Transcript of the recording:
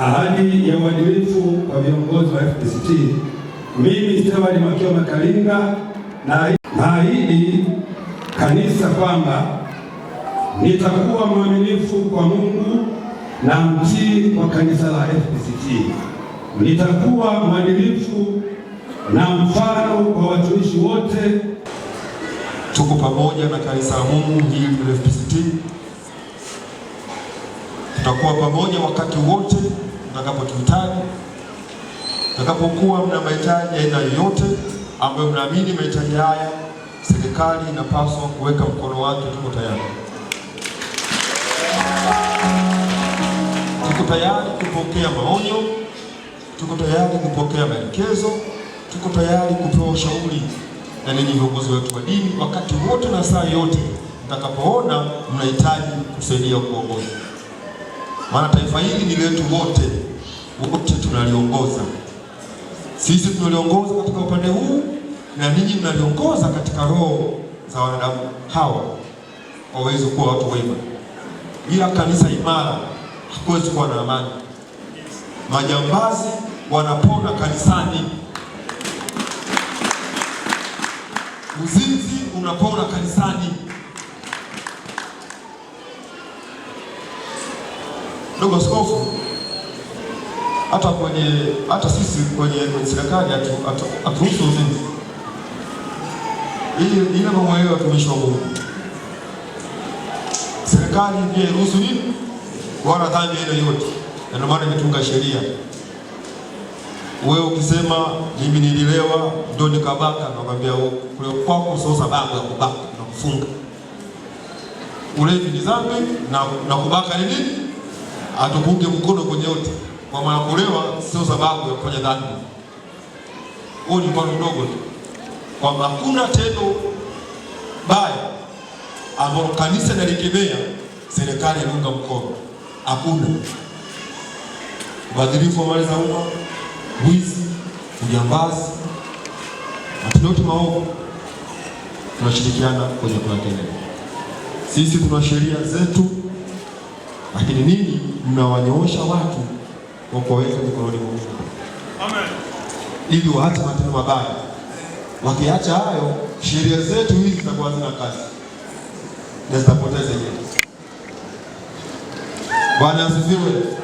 ahadi ya uadilifu kwa viongozi wa FPCT. Mimi Steward Kalinga na naahidi kanisa kwamba nitakuwa mwaminifu kwa Mungu na mtii kwa kanisa la FPCT. Nitakuwa mwadilifu na mfano kwa watumishi wote. Tuko pamoja na kanisa la Mungu hili FPCT tutakuwa pamoja wakati wote mtakapotuhitaji, mtakapokuwa mna mahitaji aina yoyote ambayo mnaamini mahitaji haya serikali inapaswa kuweka mkono wake. Tuko tayari, tuko tayari kupokea maonyo, tuko tayari kupokea maelekezo, tuko tayari kupewa ushauri na ninyi viongozi wetu wa dini, wakati wote na saa yote mtakapoona mnahitaji kusaidia kuongoza maana taifa hili ni letu wote, wote tunaliongoza. Sisi tunaliongoza katika upande huu na ninyi mnaliongoza katika roho za wanadamu hawa waweze kuwa watu wema. Bila kanisa imara hakuwezi kuwa na amani. Majambazi wanapona kanisani, uzinzi unapona kanisani. Ndugu askofu, hata kwenye hata sisi kwenye kwenye serikali haturuhusu uzinzi. Ili ile mamwelewa watumishi wa Mungu, serikali ndiye iruhusu nini wala dhambi ile yote, na ndio maana imetunga sheria. Wewe ukisema mimi nililewa ndio nikabaka, nakwambia kule kwako sio sababu ya kubaka, nakufunga. Ulevi ni dhambi na, na kubaka ni nini atukunge mkono kwenye yote, kwa maana kulewa sio sababu ya kufanya dhambi. Huo ni mfano mdogo tu kwamba hakuna tendo baya ambalo kanisa nalikemea serikali inaunga mkono. Hakuna ubadhirifu wa mali za umma, wizi, ujambazi, matendo yote maovu, tunashirikiana kwenye kuyakelea. Sisi tuna sheria zetu, lakini nini mnawanyoosha watu kwa kuwaweka mikononi mwa Mungu, amen, ili waache matendo mabaya. Wakiacha hayo, sheria zetu hizi zitakuwa hazina kazi na zitapoteza. Bwana asifiwe.